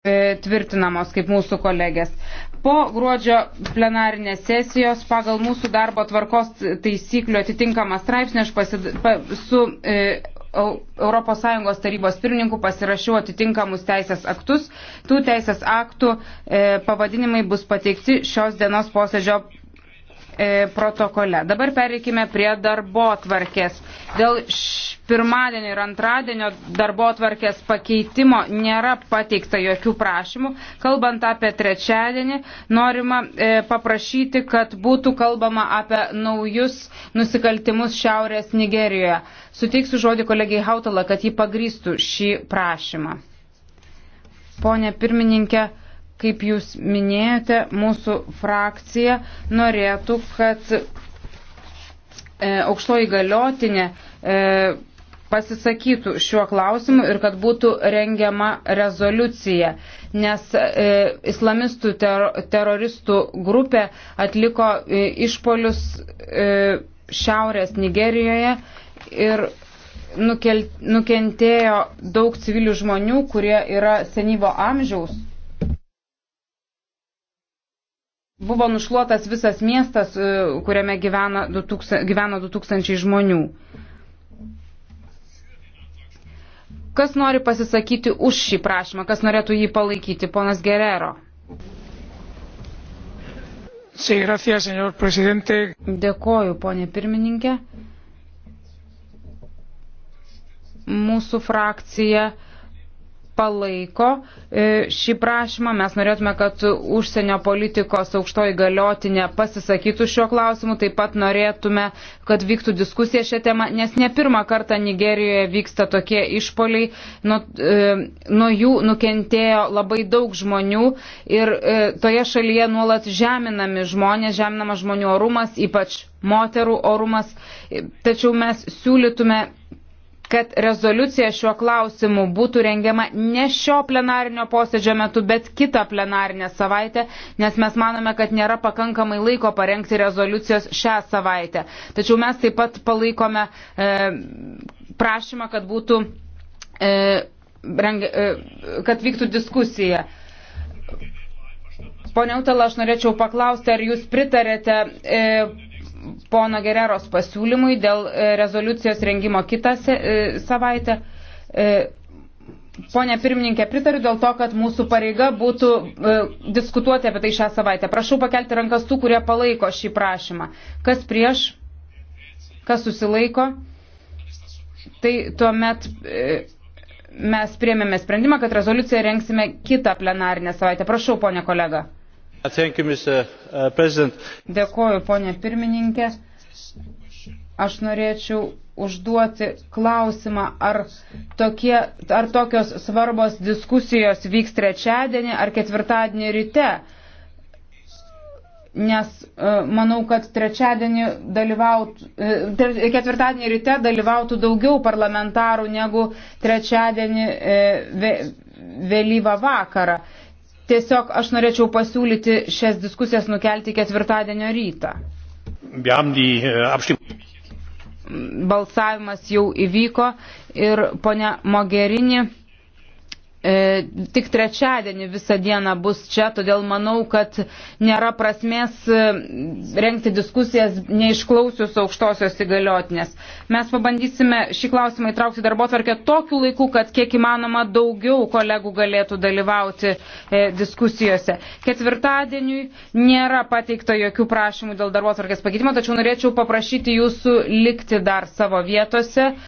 E, tvirtinamos kaip mūsų kolegės. Po gruodžio plenarinės sesijos pagal mūsų darbo tvarkos taisyklių atitinkamą straipsnį aš pasid, pa, su e, ES tarybos pirmininku pasirašiau atitinkamus teisės aktus. Tų teisės aktų e, pavadinimai bus pateikti šios dienos posėdžio E, protokole. Dabar pereikime prie darbo tvarkės. Dėl pirmadienio ir antradienio darbo tvarkės pakeitimo nėra pateikta jokių prašymų. Kalbant apie trečiadienį, norima e, paprašyti, kad būtų kalbama apie naujus nusikaltimus Šiaurės Nigerijoje. Suteiksiu žodį kolegijai Hautala, kad ji pagrįstų šį prašymą. Pone pirmininkė, Kaip jūs minėjote, mūsų frakcija norėtų, kad e, aukštoji galiotinė e, pasisakytų šiuo klausimu ir kad būtų rengiama rezoliucija, nes e, islamistų ter, teroristų grupė atliko e, išpolius e, šiaurės Nigerijoje ir nukel, nukentėjo daug civilių žmonių, kurie yra senyvo amžiaus. Buvo nušluotas visas miestas, e, kuriame gyvena 2000, gyveno 2000 žmonių. Kas nori pasisakyti už šį prašymą, kas norėtų jį palaikyti, ponas Gerero? Sí, gracias, señor presidente. Dėkoju, ponė pirmininkė. Mūsų frakcija uh, palaiko e, šį prašymą. Mes norėtume, kad užsienio politikos aukštoji galiotinė pasisakytų šiuo klausimu. Taip pat norėtume, kad vyktų diskusija šią temą, nes ne pirmą kartą Nigerijoje vyksta tokie išpoliai. Nuo, e, nuo jų nukentėjo labai daug žmonių ir e, toje šalyje nuolat žeminami žmonės, žeminamas žmonių orumas, ypač moterų orumas. Tačiau mes siūlytume kad rezoliucija šiuo klausimu būtų rengiama ne šio plenarinio posėdžio metu, bet kitą plenarinę savaitę, nes mes manome, kad nėra pakankamai laiko parengti rezoliucijos šią savaitę. Tačiau mes taip pat palaikome e, prašymą, kad būtų, e, rengi, e, kad vyktų diskusija. Pone Utala, aš norėčiau paklausti, ar jūs pritarėte. E, pono Gereros pasiūlymui dėl e, rezoliucijos rengimo kitą e, savaitę. E, pone pirmininkė, pritariu dėl to, kad mūsų pareiga būtų e, diskutuoti apie tai šią savaitę. Prašau pakelti rankas tų, kurie palaiko šį prašymą. Kas prieš, kas susilaiko, tai tuomet e, mes priemėme sprendimą, kad rezoliuciją rengsime kitą plenarinę savaitę. Prašau, ponė kolega. Uh, uh, Dėkuoju, ponė pirmininkė. Aš norėčiau užduoti klausimą, ar, tokie, ar tokios svarbos diskusijos vyks trečiadienį ar ketvirtadienį ryte. Nes uh, manau, kad trečiadienį dalyvautų, ketvirtadienį ryte dalyvautų daugiau parlamentarų negu trečiadienį vėlyvą vakarą. Tiesiog aš norėčiau pasiūlyti šias diskusijas nukelti ketvirtadienio rytą. Äh, Balsavimas jau įvyko ir ponia Mogerini e, tik trečiadienį visą dieną bus čia, todėl manau, kad nėra prasmės e, renkti diskusijas neišklausius aukštosios įgaliotinės. Mes pabandysime šį klausimą įtraukti darbo tvarkę tokiu laiku, kad kiek įmanoma daugiau kolegų galėtų dalyvauti e, diskusijose. Ketvirtadieniui nėra pateikta jokių prašymų dėl darbo tvarkės pakeitimo, tačiau norėčiau paprašyti jūsų likti dar savo vietose.